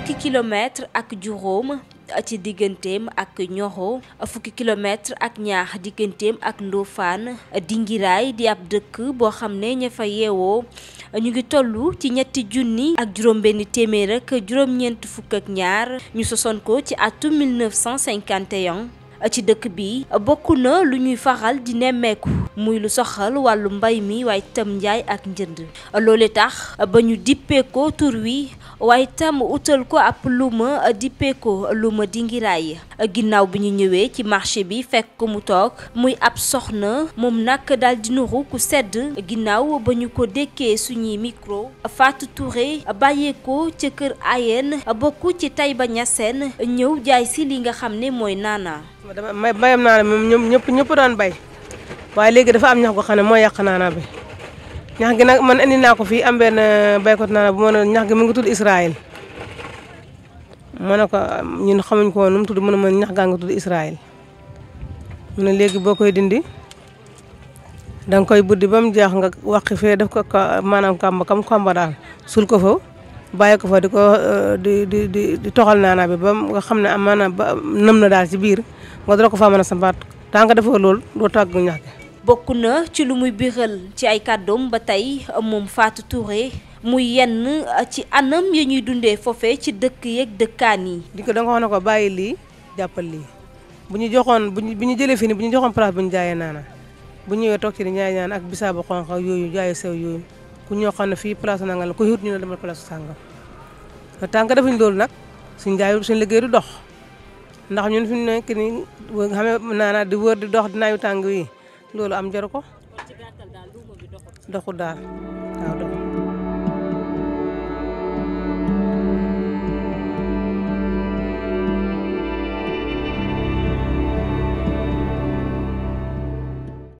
fukki kilomètre ak juróom ci digganteem ak ñoxo fukki kilomètre ak ñaax digganteem ak Ndofane Dingiraay di ab dëkk boo xam ne ña fa yeewoo ñu ngi tollu ci ñetti junni ak juróom benn téeméer ak juróom-ñeent fukk ak ñaar ñu sosoon ko ci atum 1951 ci dëkk bi bokk na lu ñuy faxal di nemmeeku muy lu soxal wàllu mbay mi waaye itam njaay ak njënd loole tax ba ñu dippee ko tur wi waaye tam utal ko ab luma euh, dippee ko luma dingiraay ginnaaw bi ñu ñëwee ci marché bi fekk ko mu toog muy ab soxna moom nag daal di nuru ku sedd ginnaaw ba ñu ko dékkee suñuy micro Fatou Touré bàyyeekoo ca kër Ayeen bokk ci ba ñaseen ñëw jaay si li nga xam ne mooy naana. dama bayam naana moom ñëpp ñëpp doon bay waaye léegi dafa am ñax goo xam ne mooy yàq naana bi. ñax gi nag man indi naa ko fii am benn euh, béykat naa bu ma ne ñax gi mu ngi tudd Israël ma ne ko euh, ñun xamuñ ko woon mu tudd mu ne ma ñax gaa nga mu ne léegi boo koy dindi danga koy buddi ba mu jeex nga wàq fee def ko maanaam kamba kam kamba daal sul ko fa bàyyi ko fa di ko euh, di di di toxal naanaa bi ba nga xam ne am maanaam ba na daal si biir nga dara ko fo mën a sambaat tant que defoo loolu doo tàggu ñax gi bokk na ci lu muy biral ci ay kàddoom ba tey moom Fatou Touré mu yenn ci anam ya ñuy dundee foofe ci dëkk yeeg dëkkaan yi. di ko da nga wax ko bàyyi lii jàppal lii bu ñu joxoon bu ñu bu ñu jëlee fii nii bu ñu joxoon place bu ñu jaayee naana bu ñëwee toog ci di ñaay naan ak bisaabu xonq yooyu jaay sew yooyu ku ñoo xam ne fii place nanga la ku yut ñu ne demal place sàngam te tànk defuñ loolu nag si jaayul suñ liggéey du dox ndax ñun fi mu nekk nii xam naana di wër di dox dinaayu tàng yi loolu am jaru ko doxul daal